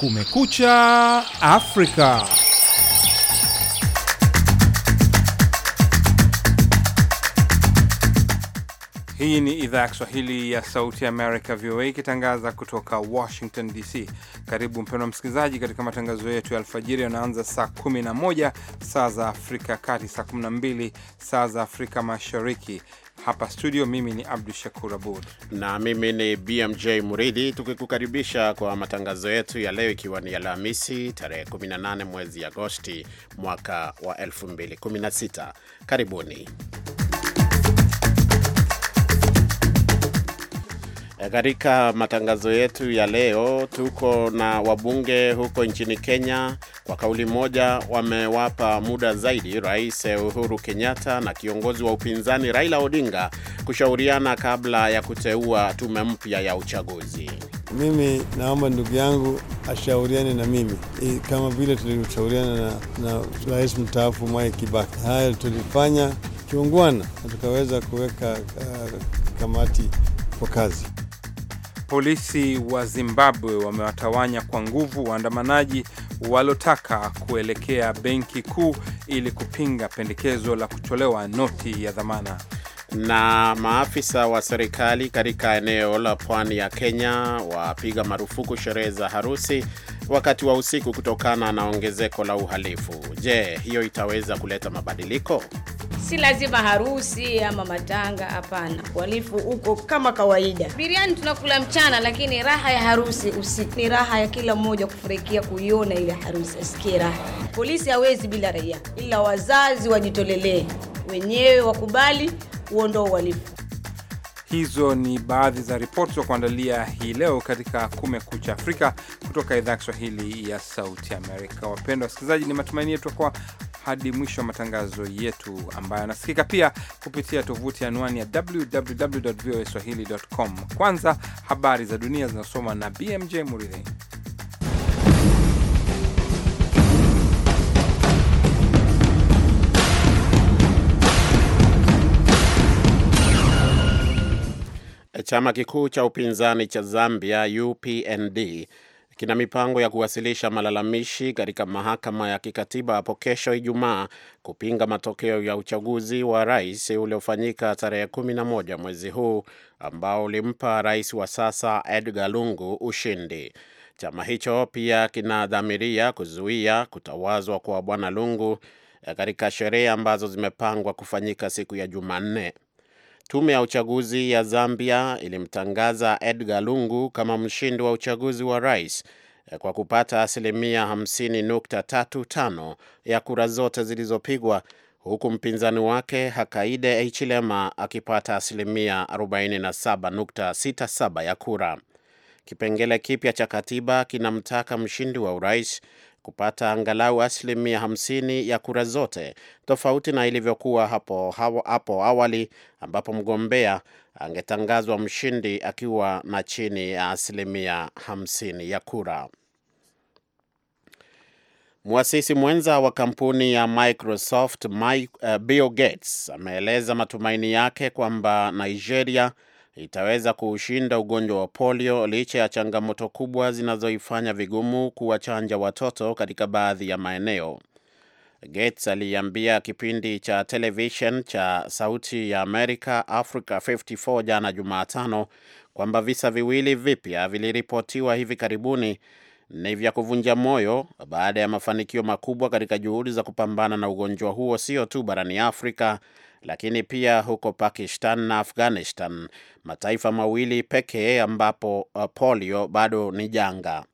Kumekucha Afrika. Hii ni idhaa ya Kiswahili ya Sauti Amerika, VOA, ikitangaza kutoka Washington DC. Karibu mpendwa msikilizaji, katika matangazo yetu ya alfajiri yanaanza saa 11 saa za Afrika ya Kati, saa 12 saa za Afrika Mashariki. Hapa studio mimi ni Abdu Shakur Abud na mimi ni BMJ Muridhi, tukikukaribisha kwa matangazo yetu ya leo, ikiwa ni Alhamisi tarehe 18 mwezi Agosti mwaka wa 2016. Karibuni. Eh, katika matangazo yetu ya leo tuko na wabunge huko nchini Kenya. Kwa kauli moja, wamewapa muda zaidi Rais Uhuru Kenyatta na kiongozi wa upinzani Raila Odinga kushauriana kabla ya kuteua tume mpya ya uchaguzi. Mimi naomba ndugu yangu ashauriane na mimi kama vile tulivyoshauriana na, na rais mstaafu Mwai Kibaki. Hayo tulifanya kiungwana na tukaweza kuweka uh, kamati kwa kazi. Polisi wa Zimbabwe wamewatawanya kwa nguvu waandamanaji walotaka kuelekea benki kuu ili kupinga pendekezo la kutolewa noti ya dhamana. Na maafisa wa serikali katika eneo la pwani ya Kenya wapiga marufuku sherehe za harusi wakati wa usiku kutokana na ongezeko la uhalifu. Je, hiyo itaweza kuleta mabadiliko? si lazima harusi ama matanga, hapana. Uhalifu uko kama kawaida. Biriani tunakula mchana, lakini raha ya harusi usiku ni raha ya kila mmoja kufurahikia kuiona ile harusi, asikie raha. Polisi hawezi bila raia, ila wazazi wajitolelee wenyewe, wakubali uondoe uhalifu. Hizo ni baadhi za ripoti za kuandalia hii leo katika Kumekucha Afrika kutoka idhaa ya Kiswahili ya Sauti Amerika. Wapendwa wasikilizaji, ni matumaini yetu kwa hadi mwisho wa matangazo yetu ambayo anasikika pia kupitia tovuti anwani ya www.voaswahili.com. Kwanza habari za dunia zinasoma na BMJ Muridhi. Chama kikuu cha upinzani cha Zambia UPND kina mipango ya kuwasilisha malalamishi katika mahakama ya kikatiba hapo kesho Ijumaa kupinga matokeo ya uchaguzi wa rais uliofanyika tarehe 11 mwezi huu ambao ulimpa rais wa sasa Edgar Lungu ushindi. Chama hicho pia kinadhamiria kuzuia kutawazwa kwa bwana Lungu eh, katika sherehe ambazo zimepangwa kufanyika siku ya Jumanne. Tume ya uchaguzi ya Zambia ilimtangaza Edgar Lungu kama mshindi wa uchaguzi wa rais eh, kwa kupata asilimia 50.35 ya kura zote zilizopigwa huku mpinzani wake Hakaide Hichilema akipata asilimia 47.67 ya kura. Kipengele kipya cha katiba kinamtaka mshindi wa urais kupata angalau asilimia 50 ya kura zote, tofauti na ilivyokuwa hapo, hapo awali ambapo mgombea angetangazwa mshindi akiwa na chini ya asilimia 50 ya kura. Mwasisi mwenza wa kampuni ya Microsoft Mike, uh, Bill Gates ameeleza matumaini yake kwamba Nigeria itaweza kuushinda ugonjwa wa polio licha ya changamoto kubwa zinazoifanya vigumu kuwachanja watoto katika baadhi ya maeneo. Gates aliambia kipindi cha televishen cha Sauti ya Amerika Africa 54 jana Jumatano kwamba visa viwili vipya viliripotiwa hivi karibuni ni vya kuvunja moyo baada ya mafanikio makubwa katika juhudi za kupambana na ugonjwa huo sio tu barani Afrika lakini pia huko Pakistan na Afghanistan, mataifa mawili pekee ambapo uh, polio bado ni janga.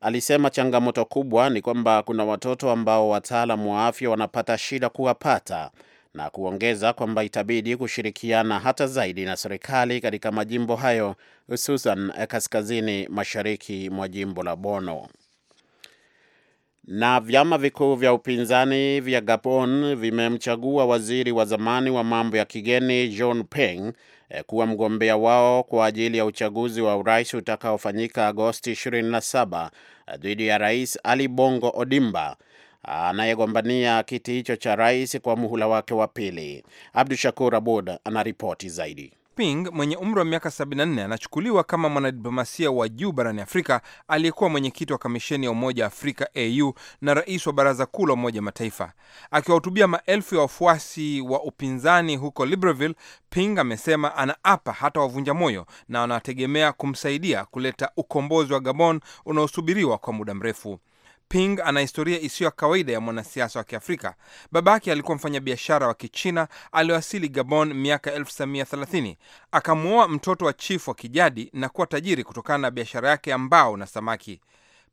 Alisema changamoto kubwa ni kwamba kuna watoto ambao wataalamu wa afya wanapata shida kuwapata na kuongeza kwamba itabidi kushirikiana hata zaidi na serikali katika majimbo hayo hususan eh, kaskazini mashariki mwa jimbo la Bono. Na vyama vikuu vya upinzani vya Gabon vimemchagua waziri wa zamani wa mambo ya kigeni John Peng eh, kuwa mgombea wao kwa ajili ya uchaguzi wa urais utakaofanyika Agosti 27 eh, dhidi ya Rais Ali Bongo Odimba anayegombania kiti hicho cha rais kwa muhula wake wa pili. Abdu Shakur Abud anaripoti zaidi. Ping mwenye umri wa miaka 74 anachukuliwa kama mwanadiplomasia wa juu barani Afrika aliyekuwa mwenyekiti wa kamisheni ya Umoja wa Afrika AU na rais wa Baraza Kuu la Umoja Mataifa. Akiwahutubia maelfu ya wafuasi wa upinzani huko Libreville, Ping amesema anaapa hata wavunja moyo na anategemea kumsaidia kuleta ukombozi wa Gabon unaosubiriwa kwa muda mrefu. Ping ana historia isiyo ya kawaida ya mwanasiasa wa Kiafrika. Babake alikuwa mfanyabiashara wa Kichina aliwasili Gabon miaka 1930 akamwoa mtoto wa chifu wa kijadi na kuwa tajiri kutokana na biashara yake ya mbao na samaki.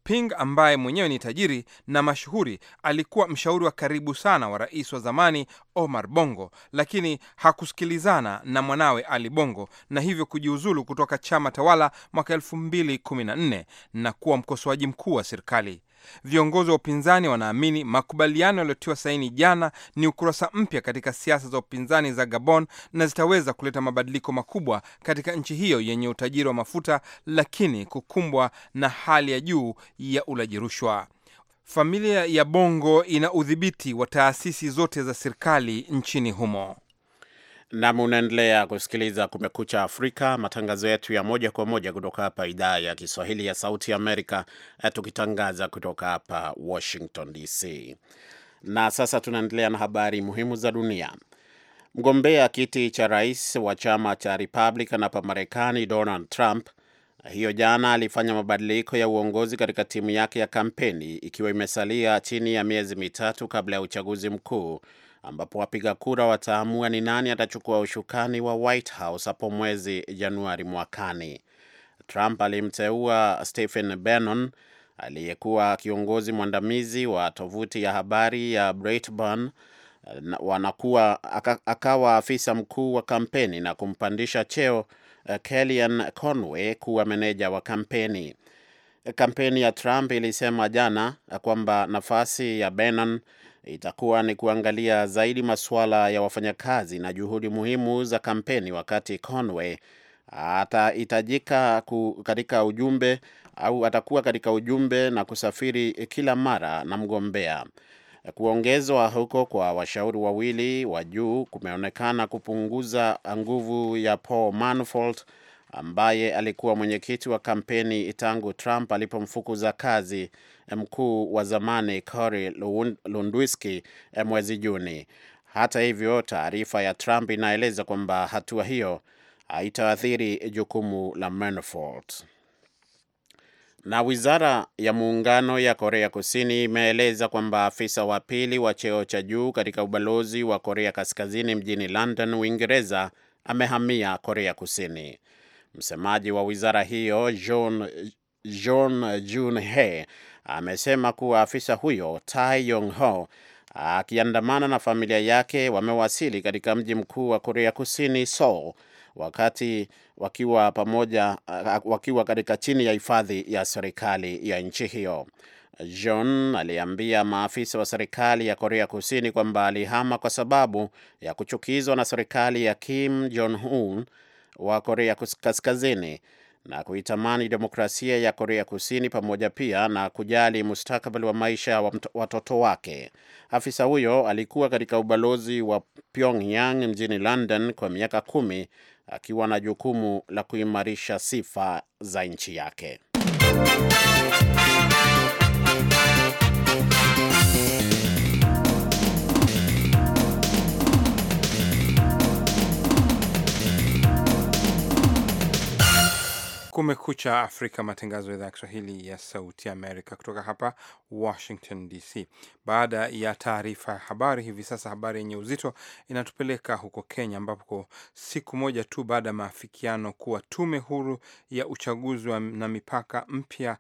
Ping ambaye mwenyewe ni tajiri na mashuhuri alikuwa mshauri wa karibu sana wa rais wa zamani Omar Bongo, lakini hakusikilizana na mwanawe Ali Bongo na hivyo kujiuzulu kutoka chama tawala mwaka 2014 na kuwa mkosoaji mkuu wa serikali. Viongozi wa upinzani wanaamini makubaliano yaliyotiwa saini jana ni ukurasa mpya katika siasa za upinzani za Gabon na zitaweza kuleta mabadiliko makubwa katika nchi hiyo yenye utajiri wa mafuta, lakini kukumbwa na hali ya juu ya ulaji rushwa. Familia ya Bongo ina udhibiti wa taasisi zote za serikali nchini humo. Nam, unaendelea kusikiliza Kumekucha Afrika, matangazo yetu ya moja kwa moja kutoka hapa idhaa ya Kiswahili ya Sauti Amerika, eh, tukitangaza kutoka hapa Washington DC. Na sasa tunaendelea na habari muhimu za dunia. Mgombea kiti cha rais wa chama cha Republican hapa Marekani, Donald Trump eh, hiyo jana alifanya mabadiliko ya uongozi katika timu yake ya kampeni ikiwa imesalia chini ya miezi mitatu kabla ya uchaguzi mkuu ambapo wapiga kura wataamua ni nani atachukua ushukani wa White House hapo mwezi Januari mwakani. Trump alimteua Stephen Bannon aliyekuwa kiongozi mwandamizi wa tovuti ya habari ya Breitbart wanakuwa akawa afisa mkuu wa kampeni na kumpandisha cheo eh, Kellyanne Conway kuwa meneja wa kampeni. Kampeni ya Trump ilisema jana eh, kwamba nafasi ya Bannon itakuwa ni kuangalia zaidi masuala ya wafanyakazi na juhudi muhimu za kampeni, wakati Conway atahitajika katika ujumbe au atakuwa katika ujumbe na kusafiri kila mara na mgombea. Kuongezwa huko kwa washauri wawili wa juu kumeonekana kupunguza nguvu ya Paul Manafort ambaye alikuwa mwenyekiti wa kampeni tangu Trump alipomfukuza kazi mkuu wa zamani Cory Lundwiski mwezi Juni. Hata hivyo, taarifa ya Trump inaeleza kwamba hatua hiyo haitaathiri jukumu la Manafort. Na wizara ya muungano ya Korea Kusini imeeleza kwamba afisa wa pili wa cheo cha juu katika ubalozi wa Korea Kaskazini mjini London, Uingereza amehamia Korea Kusini. Msemaji wa wizara hiyo John, John Jun He amesema kuwa afisa huyo Tai Yong Ho akiandamana na familia yake wamewasili katika mji mkuu wa Korea Kusini Seoul, wakati wakiwa pamoja wakiwa katika chini ya hifadhi ya serikali ya nchi hiyo. John aliambia maafisa wa serikali ya Korea Kusini kwamba alihama kwa sababu ya kuchukizwa na serikali ya Kim Jong Un wa Korea Kaskazini na kuitamani demokrasia ya Korea Kusini pamoja pia na kujali mustakabali wa maisha wa watoto wake. Afisa huyo alikuwa katika ubalozi wa Pyongyang mjini London kwa miaka kumi akiwa na jukumu la kuimarisha sifa za nchi yake. Kumekucha Afrika, matangazo ya idhaa ya Kiswahili ya Sauti ya Amerika kutoka hapa Washington DC. Baada ya taarifa ya habari, hivi sasa habari yenye uzito inatupeleka huko Kenya, ambapo siku moja tu baada ya maafikiano kuwa tume huru ya uchaguzi na mipaka mpya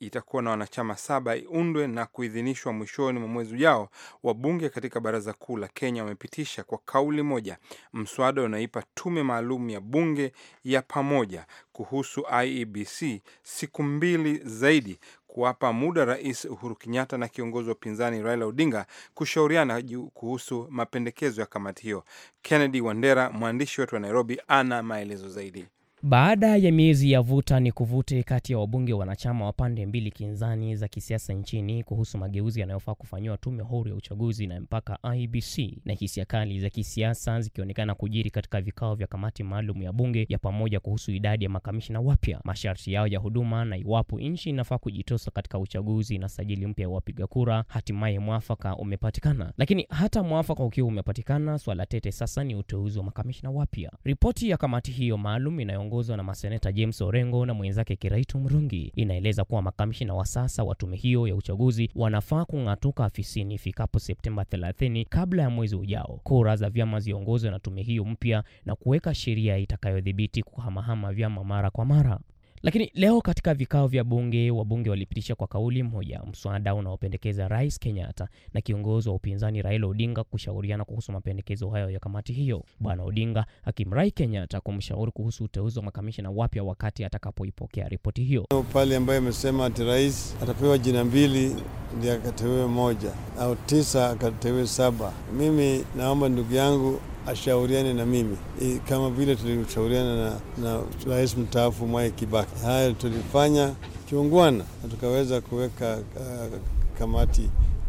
itakuwa na wanachama saba iundwe na kuidhinishwa mwishoni mwa mwezi ujao. Wabunge katika baraza kuu la Kenya wamepitisha kwa kauli moja mswada unaipa tume maalum ya bunge ya pamoja kuhusu IEBC siku mbili zaidi, kuwapa muda Rais Uhuru Kenyatta na kiongozi wa upinzani Raila Odinga kushauriana kuhusu mapendekezo ya kamati hiyo. Kennedy Wandera, mwandishi wetu wa Nairobi, ana maelezo zaidi. Baada ya miezi ya vuta ni kuvute kati ya wabunge wanachama wa pande mbili kinzani za kisiasa nchini kuhusu mageuzi yanayofaa kufanyiwa Tume Huru ya Uchaguzi na mpaka ibc na hisia kali za kisiasa zikionekana kujiri katika vikao vya kamati maalum ya bunge ya pamoja kuhusu idadi ya makamishina wapya, masharti yao ya huduma, na iwapo nchi inafaa kujitosa katika uchaguzi na sajili mpya ya wapiga kura. Hatimaye mwafaka umepatikana, lakini hata mwafaka ukiwa umepatikana, swala tete sasa ni uteuzi wa makamishina wapya. Ripoti ya kamati hiyo maalum inayoongoza inayoongozwa na maseneta James Orengo na mwenzake Kiraitu Murungi inaeleza kuwa makamishina wa sasa wa tume hiyo ya uchaguzi wanafaa kung'atuka afisini ifikapo Septemba 30 kabla ya mwezi ujao. Kura za vyama ziongozwe na tume hiyo mpya na kuweka sheria itakayodhibiti kuhamahama vyama mara kwa mara. Lakini leo katika vikao vya bunge, wabunge walipitisha kwa kauli moja mswada unaopendekeza Rais Kenyatta na kiongozi wa upinzani Raila Odinga kushauriana kuhusu mapendekezo hayo ya kamati hiyo, Bwana Odinga akimrai Kenyatta kumshauri kuhusu uteuzi wa makamishina wapya wakati atakapoipokea ripoti hiyo. Pale ambayo imesema ati rais atapewa jina mbili ndi akateue moja au tisa akateue saba. Mimi naomba ndugu yangu ashauriane na mimi e, kama vile tulishauriana na, na rais mstaafu Mwai Kibaki. Haya tulifanya kiungwana na tukaweza kuweka uh, kamati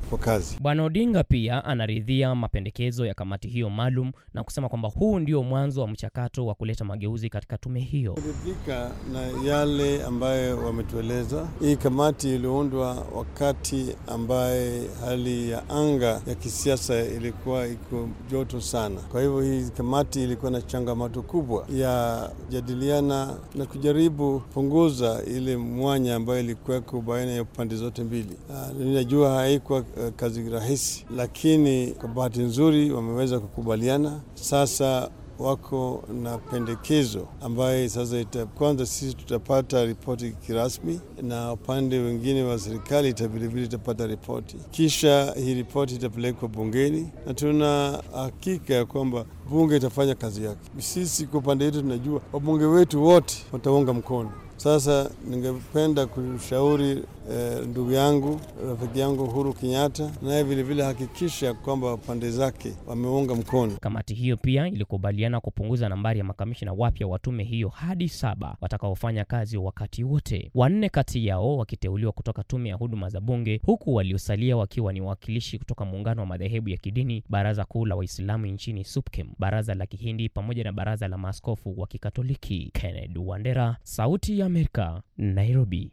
kwa kazi. Bwana Odinga pia anaridhia mapendekezo ya kamati hiyo maalum na kusema kwamba huu ndio mwanzo wa mchakato wa kuleta mageuzi katika tume hiyo. Kuridhika na yale ambayo wametueleza. Hii kamati iliundwa wakati ambaye hali ya anga ya kisiasa ilikuwa iko joto sana, kwa hivyo hii kamati ilikuwa na changamoto kubwa ya jadiliana na kujaribu kupunguza ile mwanya ambayo ilikuweko baina ya pande zote mbili. Ah, ninajua haikuwa Eh, kazi rahisi, lakini kwa bahati nzuri wameweza kukubaliana. Sasa wako na pendekezo ambaye sasa ita, kwanza sisi tutapata ripoti kirasmi na upande wengine wa serikali vilevile itapata ripoti, kisha hii ripoti itapelekwa bungeni na tuna hakika ya kwamba bunge itafanya kazi yake. Sisi kwa upande wetu tunajua wabunge wetu wote wataunga mkono. Sasa ningependa kushauri Eh, ndugu yangu rafiki yangu Uhuru Kenyatta naye vilevile hakikisha kwamba pande zake wameunga mkono. Kamati hiyo pia ilikubaliana kupunguza nambari ya makamishina wapya wa tume hiyo hadi saba watakaofanya kazi wakati wote, wanne kati yao wakiteuliwa kutoka tume ya huduma za bunge, huku waliosalia wakiwa ni wawakilishi kutoka muungano wa madhehebu ya kidini, baraza kuu la Waislamu nchini SUPKEM, baraza la Kihindi pamoja na baraza la maaskofu wa Kikatoliki. Kennedy Wandera, Sauti ya Amerika, Nairobi.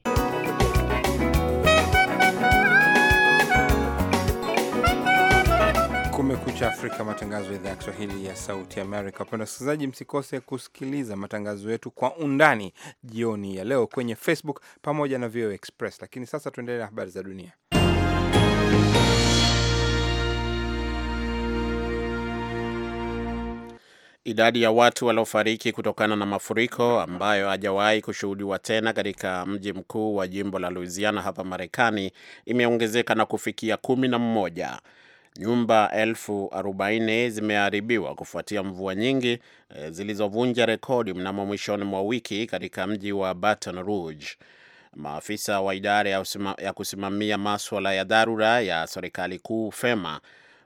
Kumekucha Afrika, matangazo ya idhaa ya Kiswahili ya Sauti Amerika. Wapenda wasikilizaji, msikose kusikiliza matangazo yetu kwa undani jioni ya leo kwenye Facebook pamoja na VOA Express. Lakini sasa tuendelee na habari za dunia. Idadi ya watu waliofariki kutokana na mafuriko ambayo hajawahi kushuhudiwa tena katika mji mkuu wa jimbo la Louisiana hapa Marekani imeongezeka na kufikia kumi na mmoja. Nyumba elfu arobaini zimeharibiwa kufuatia mvua nyingi eh, zilizovunja rekodi mnamo mwishoni mwa wiki katika mji wa Baton Rouge. Maafisa wa idara ya, ya kusimamia maswala ya dharura ya serikali kuu FEMA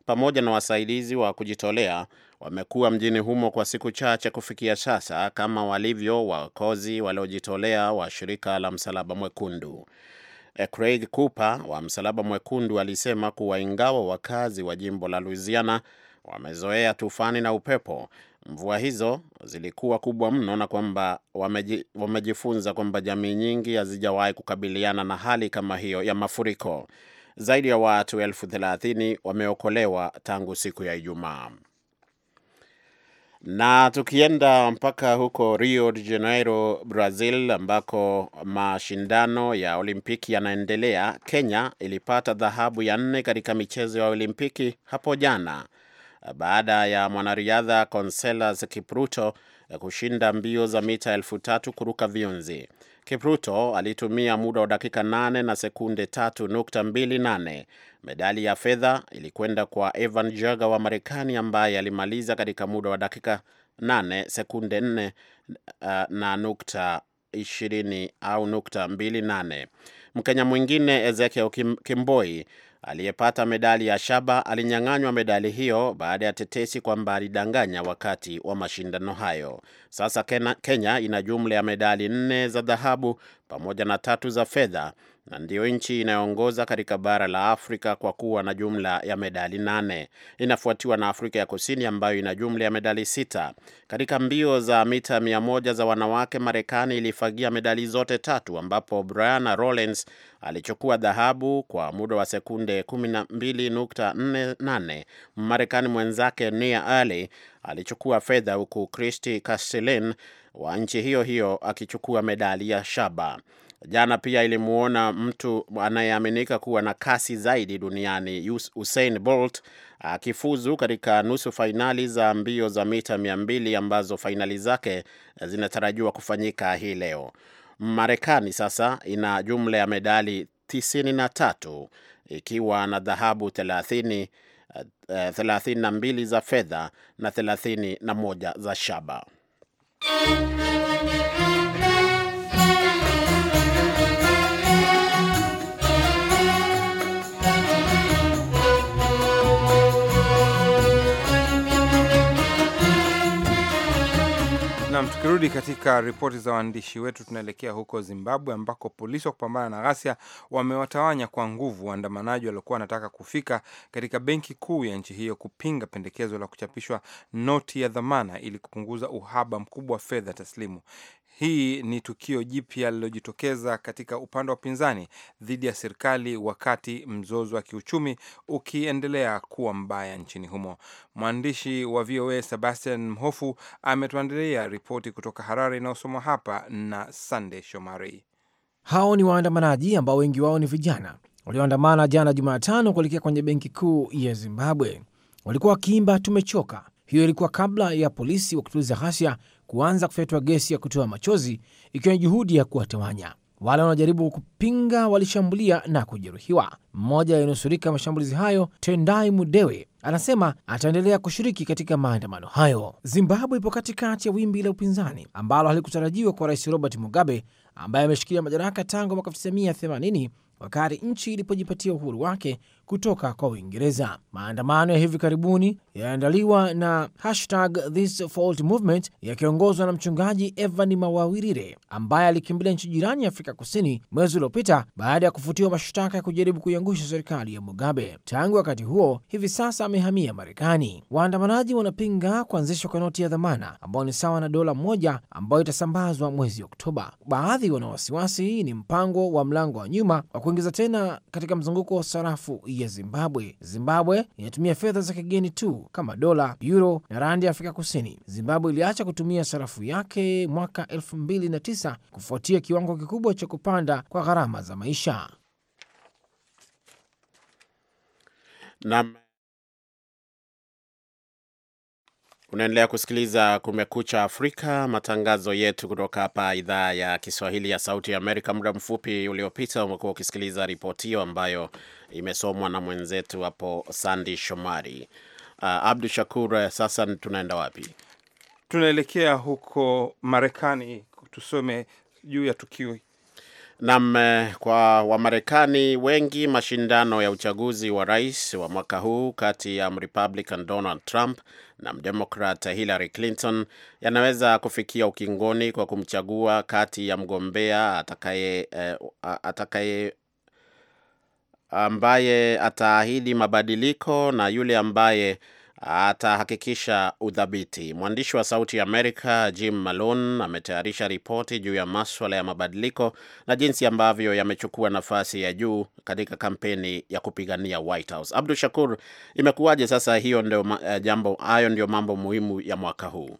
pamoja na wasaidizi wa kujitolea wamekuwa mjini humo kwa siku chache kufikia sasa, kama walivyo waokozi waliojitolea wa shirika la Msalaba Mwekundu. Eh, Craig Cooper wa Msalaba Mwekundu alisema kuwa ingawa wakazi wa jimbo la Louisiana wamezoea tufani na upepo, mvua hizo zilikuwa kubwa mno na kwamba wamejifunza kwamba jamii nyingi hazijawahi kukabiliana na hali kama hiyo ya mafuriko. Zaidi ya watu elfu thelathini wameokolewa tangu siku ya Ijumaa. Na tukienda mpaka huko Rio de Janeiro, Brazil, ambako mashindano ya Olimpiki yanaendelea, Kenya ilipata dhahabu ya nne katika michezo ya Olimpiki hapo jana baada ya mwanariadha Conseslus Kipruto kushinda mbio za mita elfu tatu kuruka viunzi. Kipruto alitumia muda wa dakika 8 na sekunde 3.28. Medali ya fedha ilikwenda kwa Evan Jaga wa Marekani ambaye alimaliza katika muda wa dakika 8 sekunde 4 eh, na nukta 20 au nukta 28. Mkenya mwingine Ezekiel Kimboi aliyepata medali ya shaba alinyang'anywa medali hiyo baada ya tetesi kwamba alidanganya wakati wa mashindano hayo. Sasa Kenya ina jumla ya medali nne za dhahabu pamoja na tatu za fedha na ndiyo nchi inayoongoza katika bara la Afrika kwa kuwa na jumla ya medali nane. Inafuatiwa na Afrika ya Kusini ambayo ina jumla ya medali sita. Katika mbio za mita mia moja za wanawake, Marekani ilifagia medali zote tatu, ambapo Briana Rawlings alichukua dhahabu kwa muda wa sekunde 12.48. marekani mwenzake Nia Ali alichukua fedha huku Christy Castelen wa nchi hiyo hiyo akichukua medali ya shaba. Jana pia ilimuona mtu anayeaminika kuwa na kasi zaidi duniani Usain Bolt akifuzu katika nusu fainali za mbio za mita 200 ambazo fainali zake zinatarajiwa kufanyika hii leo. Marekani sasa ina jumla ya medali 93 ikiwa na dhahabu thelathini 32 eh, eh, za fedha na 31 za shaba. Nam, tukirudi katika ripoti za waandishi wetu, tunaelekea huko Zimbabwe ambako polisi wa kupambana na ghasia wamewatawanya kwa nguvu waandamanaji waliokuwa wanataka kufika katika benki kuu ya nchi hiyo kupinga pendekezo la kuchapishwa noti ya dhamana ili kupunguza uhaba mkubwa wa fedha taslimu. Hii ni tukio jipya lililojitokeza katika upande wa upinzani dhidi ya serikali wakati mzozo wa kiuchumi ukiendelea kuwa mbaya nchini humo. Mwandishi wa VOA Sebastian Mhofu ametuandalia ripoti kutoka Harare inayosomwa hapa na sandey Shomari. Hao ni waandamanaji ambao wengi wao ni vijana walioandamana jana Jumatano kuelekea kwenye benki kuu ya Zimbabwe. Walikuwa wakiimba tumechoka. Hiyo ilikuwa kabla ya polisi wa kutuliza ghasia kuanza kufyatwa gesi ya kutoa machozi ikiwa ni juhudi ya kuwatawanya wale wanaojaribu kupinga walishambulia na kujeruhiwa. Mmoja aliyenusurika mashambulizi hayo, Tendai Mudewe, anasema ataendelea kushiriki katika maandamano hayo. Zimbabwe ipo katikati ya wimbi la upinzani ambalo halikutarajiwa kwa Rais Robert Mugabe ambaye ameshikilia madaraka tangu mwaka 1980 wakati nchi ilipojipatia uhuru wake kutoka kwa Uingereza. Maandamano ya hivi karibuni yaandaliwa na hashtag This Fault Movement yakiongozwa na mchungaji Evan Mawawirire ambaye alikimbilia nchi jirani ya Afrika Kusini mwezi uliopita baada ya kufutiwa mashtaka ya kujaribu kuiangusha serikali ya Mugabe. Tangu wakati huo, hivi sasa amehamia Marekani. Waandamanaji wanapinga kuanzishwa kwa noti ya dhamana ambayo ni sawa na dola moja ambayo itasambazwa mwezi Oktoba. Baadhi wana wasiwasi ni mpango wa mlango wa nyuma wa kuingiza tena katika mzunguko wa sarafu ya Zimbabwe. Zimbabwe inatumia fedha za kigeni tu kama dola, euro na randi ya Afrika Kusini. Zimbabwe iliacha kutumia sarafu yake mwaka 2009 kufuatia kiwango kikubwa cha kupanda kwa gharama za maisha. Nam Unaendelea kusikiliza Kumekucha Afrika, matangazo yetu kutoka hapa idhaa ya Kiswahili ya Sauti ya Amerika. Muda mfupi uliopita umekuwa ukisikiliza ripoti hiyo ambayo imesomwa na mwenzetu hapo Sandi Shomari. Uh, Abdu Shakur, sasa tunaenda wapi? Tunaelekea huko Marekani, tusome juu ya tukio nam eh, kwa Wamarekani wengi, mashindano ya uchaguzi wa rais wa mwaka huu kati ya Mrepublican Donald Trump na mdemokrat Hillary Clinton yanaweza kufikia ukingoni kwa kumchagua kati ya mgombea atakaye, eh, atakaye ambaye ataahidi mabadiliko na yule ambaye atahakikisha udhabiti. Mwandishi wa Sauti ya Amerika Jim Malone ametayarisha ripoti juu ya maswala ya mabadiliko na jinsi ambavyo yamechukua nafasi ya juu katika kampeni ya kupigania White House. Abdu Shakur, imekuwaje sasa? Hiyo ndio eh, jambo, hayo ndio mambo muhimu ya mwaka huu.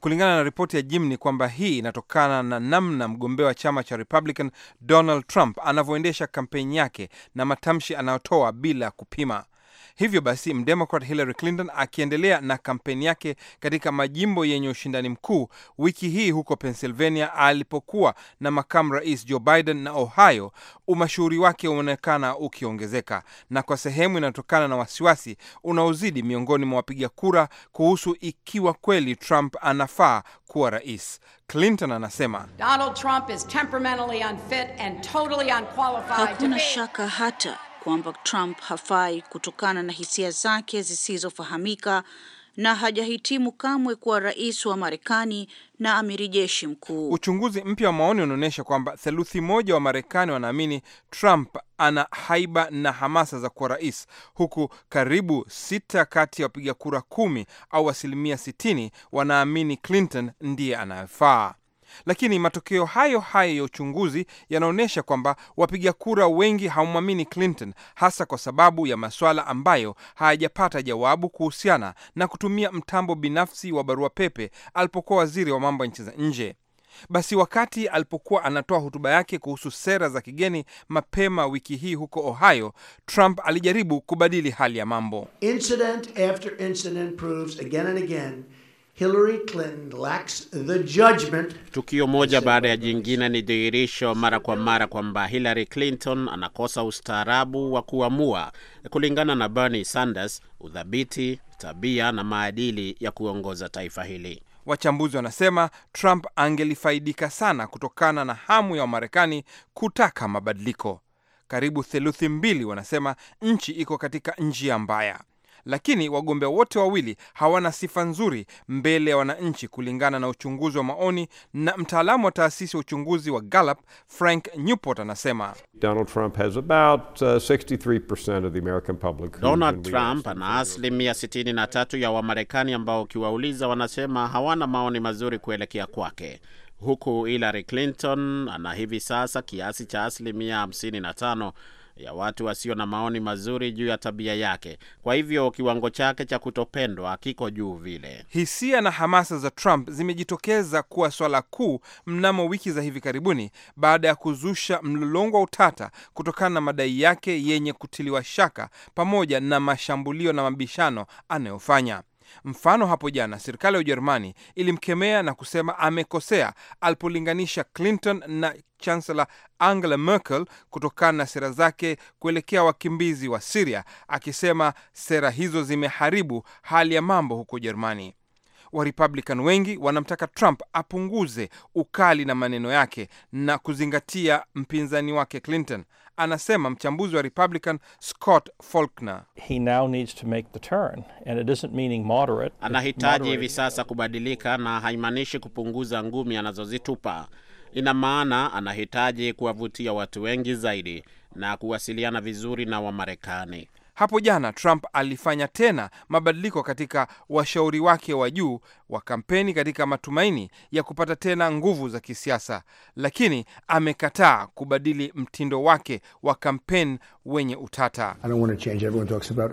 Kulingana na ripoti ya Jim ni kwamba hii inatokana na namna mgombea wa chama cha Republican Donald Trump anavyoendesha kampeni yake na matamshi anayotoa bila kupima Hivyo basi mdemokrat Hillary Clinton akiendelea na kampeni yake katika majimbo yenye ushindani mkuu, wiki hii huko Pennsylvania alipokuwa na makamu rais Joe Biden na Ohio, umashuhuri wake unaonekana ukiongezeka, na kwa sehemu inayotokana na wasiwasi unaozidi miongoni mwa wapiga kura kuhusu ikiwa kweli Trump anafaa kuwa rais. Clinton anasema Donald Trump is temperamentally unfit and totally unqualified. Hakuna shaka hata kwamba Trump hafai kutokana na hisia zake zisizofahamika na hajahitimu kamwe kuwa rais wa Marekani na amiri jeshi mkuu. Uchunguzi mpya wa maoni unaonyesha kwamba theluthi moja wa Marekani wanaamini Trump ana haiba na hamasa za kuwa rais, huku karibu sita kati ya wapiga kura kumi au asilimia sitini wanaamini Clinton ndiye anayefaa. Lakini matokeo hayo hayo ya uchunguzi yanaonyesha kwamba wapiga kura wengi hawamwamini Clinton, hasa kwa sababu ya maswala ambayo hayajapata jawabu kuhusiana na kutumia mtambo binafsi wa barua pepe alipokuwa waziri wa mambo ya nchi za nje. Basi wakati alipokuwa anatoa hotuba yake kuhusu sera za kigeni mapema wiki hii huko Ohio, Trump alijaribu kubadili hali ya mambo. Incident after incident proves again and again Hillary Clinton lacks the judgment. Tukio moja baada ya jingine ni dhihirisho mara kwa mara kwamba Hillary Clinton anakosa ustaarabu wa kuamua. Kulingana na Bernie Sanders, udhabiti, tabia na maadili ya kuongoza taifa hili. Wachambuzi wanasema Trump angelifaidika sana kutokana na hamu ya Wamarekani kutaka mabadiliko. Karibu theluthi mbili wanasema nchi iko katika njia mbaya lakini wagombea wote wawili hawana sifa nzuri mbele ya wananchi, kulingana na uchunguzi wa maoni. Na mtaalamu wa taasisi ya uchunguzi wa Gallup Frank Newport anasema Donald Trump has about 63% uh, of the American public. Donald Trump ana asilimia 63 ya Wamarekani ambao ukiwauliza wanasema hawana maoni mazuri kuelekea kwake huku Hillary Clinton ana hivi sasa kiasi cha asilimia 55 ya watu wasio na maoni mazuri juu ya tabia yake. Kwa hivyo kiwango chake cha kutopendwa kiko juu vile. Hisia na hamasa za Trump zimejitokeza kuwa swala kuu mnamo wiki za hivi karibuni, baada ya kuzusha mlolongo wa utata kutokana na madai yake yenye kutiliwa shaka pamoja na mashambulio na mabishano anayofanya. Mfano, hapo jana serikali ya Ujerumani ilimkemea na kusema amekosea alipolinganisha Clinton na Chancellor Angela Merkel kutokana na sera zake kuelekea wakimbizi wa Siria, akisema sera hizo zimeharibu hali ya mambo huko Ujerumani. Warepublican wengi wanamtaka Trump apunguze ukali na maneno yake na kuzingatia mpinzani wake Clinton anasema mchambuzi wa Republican Scott Faulkner. He now needs to make the turn and it isn't meaning moderate. Anahitaji hivi sasa kubadilika na haimaanishi kupunguza ngumi anazozitupa. Ina maana anahitaji kuwavutia watu wengi zaidi na kuwasiliana vizuri na Wamarekani. Hapo jana Trump alifanya tena mabadiliko katika washauri wake wa juu wa kampeni katika matumaini ya kupata tena nguvu za kisiasa, lakini amekataa kubadili mtindo wake wa kampeni wenye utata.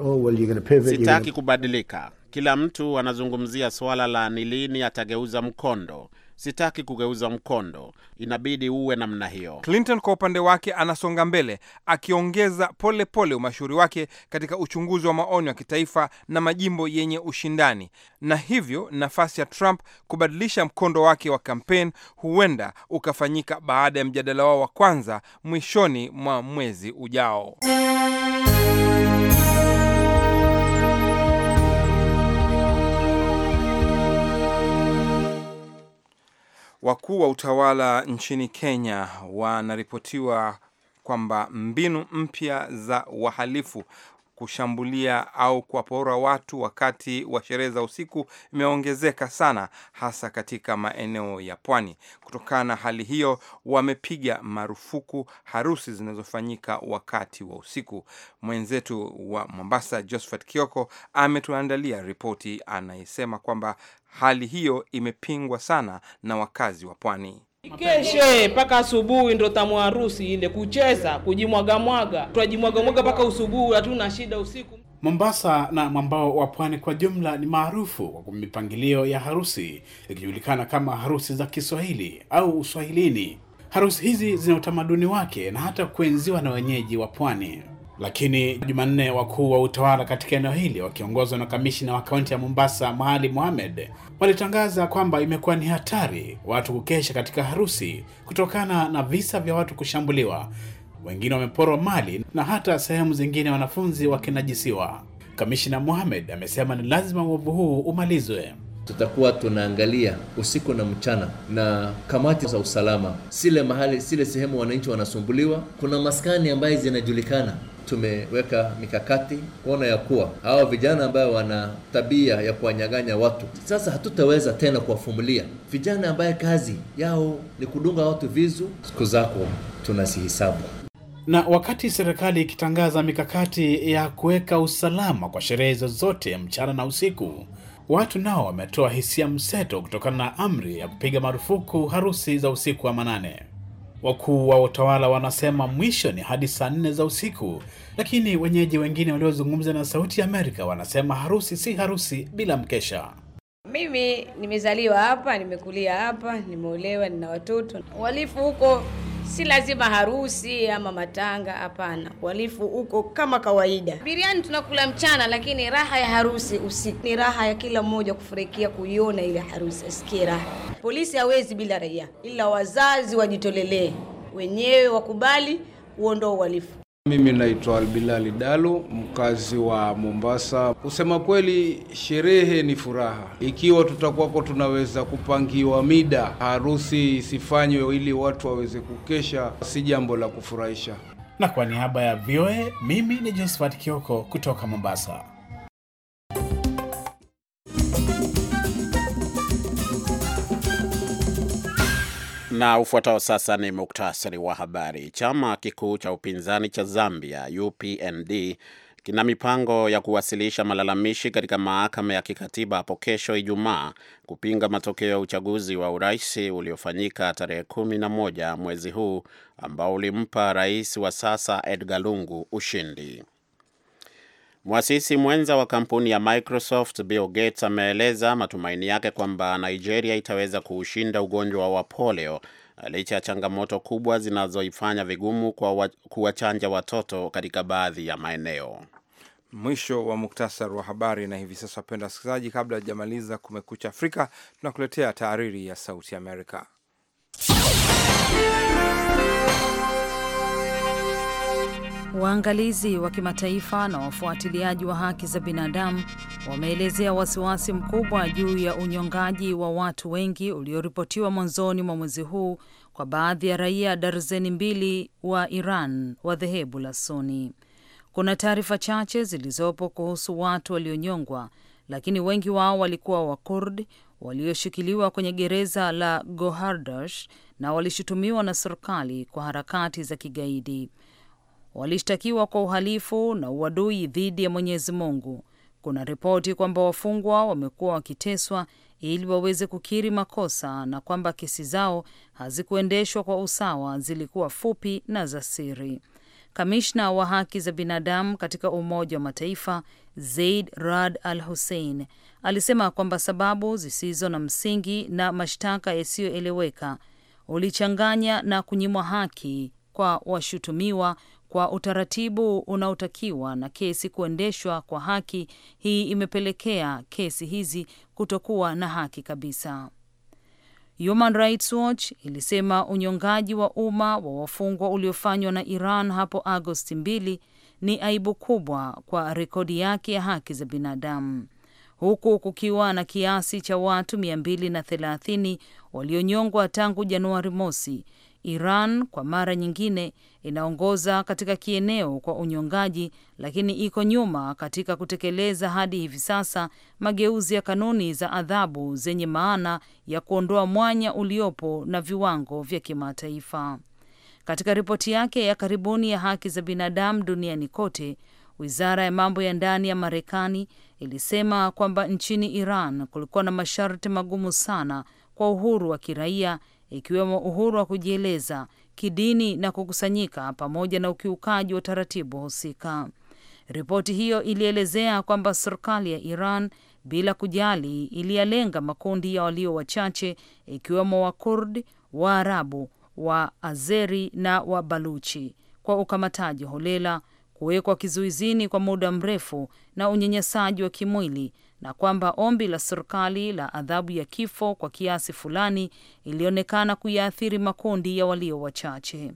Oh, well, sitaki kubadilika. Kila mtu anazungumzia suala la ni lini atageuza mkondo Sitaki kugeuza mkondo, inabidi uwe namna hiyo. Clinton kwa upande wake anasonga mbele, akiongeza polepole pole umashuhuri wake katika uchunguzi wa maoni ya kitaifa na majimbo yenye ushindani, na hivyo nafasi ya Trump kubadilisha mkondo wake wa kampeni huenda ukafanyika baada ya mjadala wao wa kwanza mwishoni mwa mwezi ujao. Wakuu wa utawala nchini Kenya wanaripotiwa kwamba mbinu mpya za wahalifu kushambulia au kuwapora watu wakati wa sherehe za usiku imeongezeka sana, hasa katika maeneo ya pwani. Kutokana na hali hiyo, wamepiga marufuku harusi zinazofanyika wakati wa usiku. Mwenzetu wa Mombasa, Josephat Kioko, ametuandalia ripoti anayesema kwamba hali hiyo imepingwa sana na wakazi wa pwani. Ikeshe mpaka asubuhi, ndo tamu harusi ile, kucheza kujimwagamwaga, mwaga mpaka usubuhi, hatuna shida usiku. Mombasa na mwambao wa pwani kwa jumla ni maarufu kwa mipangilio ya harusi ikijulikana kama harusi za Kiswahili au Uswahilini. Harusi hizi zina utamaduni wake na hata kuenziwa na wenyeji wa pwani. Lakini Jumanne, wakuu wa utawala katika eneo hili wakiongozwa na kamishina wa kaunti ya Mombasa Mahali Mohamed walitangaza kwamba imekuwa ni hatari watu kukesha katika harusi kutokana na visa vya watu kushambuliwa, wengine wameporwa mali na hata sehemu zingine wanafunzi wakinajisiwa. Kamishina Mohamed amesema ni lazima uovu huu umalizwe. Tutakuwa tunaangalia usiku na mchana na kamati za usalama, sile mahali, sile sehemu wananchi wanasumbuliwa. Kuna maskani ambaye zinajulikana tumeweka mikakati kuona ya kuwa hawa vijana ambayo wana tabia ya kuwanyaganya watu, sasa hatutaweza tena kuwafumulia vijana ambaye kazi yao ni kudunga watu vizu Siku zako tunasihisabu. Na wakati serikali ikitangaza mikakati ya kuweka usalama kwa sherehe zozote mchana na usiku, watu nao wametoa hisia mseto kutokana na amri ya kupiga marufuku harusi za usiku wa manane. Wakuu wa utawala wanasema mwisho ni hadi saa nne za usiku, lakini wenyeji wengine waliozungumza na Sauti ya Amerika wanasema harusi si harusi bila mkesha. Mimi nimezaliwa hapa, nimekulia hapa, nimeolewa, nina watoto. Uhalifu huko si lazima harusi ama matanga, hapana. Uhalifu uko kama kawaida. Biriani tunakula mchana, lakini raha ya harusi usiku ni raha ya kila mmoja kufurahikia kuiona ile harusi, asikie raha. Polisi hawezi bila raia, ila wazazi wajitolelee wenyewe, wakubali uondoe uhalifu. Mimi naitwa Albilali Dalu, mkazi wa Mombasa. Kusema kweli, sherehe ni furaha ikiwa tutakuwako tunaweza kupangiwa mida, harusi isifanywe ili watu waweze kukesha, si jambo la kufurahisha. Na kwa niaba ya VOA, mimi ni Josephat Kioko kutoka Mombasa. Na ufuatao sasa ni muktasari wa habari. Chama kikuu cha upinzani cha Zambia, UPND, kina mipango ya kuwasilisha malalamishi katika mahakama ya kikatiba hapo kesho Ijumaa kupinga matokeo ya uchaguzi wa urais uliofanyika tarehe kumi na moja mwezi huu ambao ulimpa rais wa sasa Edgar Lungu ushindi. Mwasisi mwenza wa kampuni ya Microsoft Bill Gates ameeleza matumaini yake kwamba Nigeria itaweza kuushinda ugonjwa wa polio licha ya changamoto kubwa zinazoifanya vigumu kwa kuwachanja watoto katika baadhi ya maeneo. Mwisho wa muktasar wa habari. Na hivi sasa, wapenda wasikilizaji, kabla hajamaliza Kumekucha Afrika, tunakuletea taariri ya Sauti Amerika. Waangalizi wa kimataifa na wafuatiliaji wa haki za binadamu wameelezea wasiwasi mkubwa juu ya unyongaji wa watu wengi ulioripotiwa mwanzoni mwa mwezi huu kwa baadhi ya raia darzeni mbili wa Iran wa dhehebu la Suni. Kuna taarifa chache zilizopo kuhusu watu walionyongwa, lakini wengi wao walikuwa Wakurd walioshikiliwa kwenye gereza la Gohardash na walishutumiwa na serikali kwa harakati za kigaidi walishtakiwa kwa uhalifu na uadui dhidi ya Mwenyezi Mungu. Kuna ripoti kwamba wafungwa wamekuwa wakiteswa ili waweze kukiri makosa na kwamba kesi zao hazikuendeshwa kwa usawa, zilikuwa fupi na za siri. Kamishna wa haki za binadamu katika Umoja wa Mataifa Zaid Rad Al Hussein alisema kwamba sababu zisizo na msingi na mashtaka yasiyoeleweka ulichanganya na kunyimwa haki kwa washutumiwa kwa utaratibu unaotakiwa na kesi kuendeshwa kwa haki. Hii imepelekea kesi hizi kutokuwa na haki kabisa. Human Rights Watch ilisema unyongaji wa umma wa wafungwa uliofanywa na Iran hapo Agosti 2 ni aibu kubwa kwa rekodi yake ya haki za binadamu huku kukiwa na kiasi cha watu 230 walionyongwa tangu Januari mosi. Iran kwa mara nyingine inaongoza katika kieneo kwa unyongaji, lakini iko nyuma katika kutekeleza hadi hivi sasa mageuzi ya kanuni za adhabu zenye maana ya kuondoa mwanya uliopo na viwango vya kimataifa. Katika ripoti yake ya karibuni ya haki za binadamu duniani kote, wizara ya mambo ya ndani ya Marekani ilisema kwamba nchini Iran kulikuwa na masharti magumu sana kwa uhuru wa kiraia ikiwemo uhuru wa kujieleza kidini na kukusanyika pamoja na ukiukaji wa taratibu husika. Ripoti hiyo ilielezea kwamba serikali ya Iran bila kujali iliyalenga makundi ya walio wachache ikiwemo Wakurdi, Waarabu, wa Azeri na Wabaluchi kwa ukamataji holela, kuwekwa kizuizini kwa muda mrefu na unyanyasaji wa kimwili na kwamba ombi la serikali la adhabu ya kifo kwa kiasi fulani ilionekana kuyaathiri makundi ya walio wachache.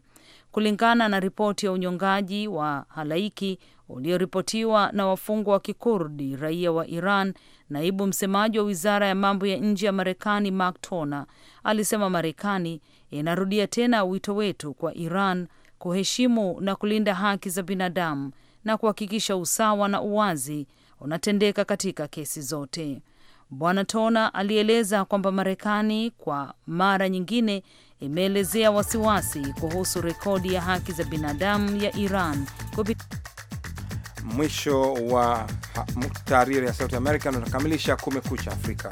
Kulingana na ripoti ya unyongaji wa halaiki ulioripotiwa na wafungwa wa Kikurdi raia wa Iran, naibu msemaji wa wizara ya mambo ya nje ya Marekani Mark Toner alisema, Marekani inarudia tena wito wetu kwa Iran kuheshimu na kulinda haki za binadamu na kuhakikisha usawa na uwazi unatendeka katika kesi zote. Bwana Tona alieleza kwamba Marekani kwa mara nyingine imeelezea wasiwasi kuhusu rekodi ya haki za binadamu ya Iran kupit mwisho wa muktariri ya Sauti Amerika. Tunakamilisha Kumekucha Afrika.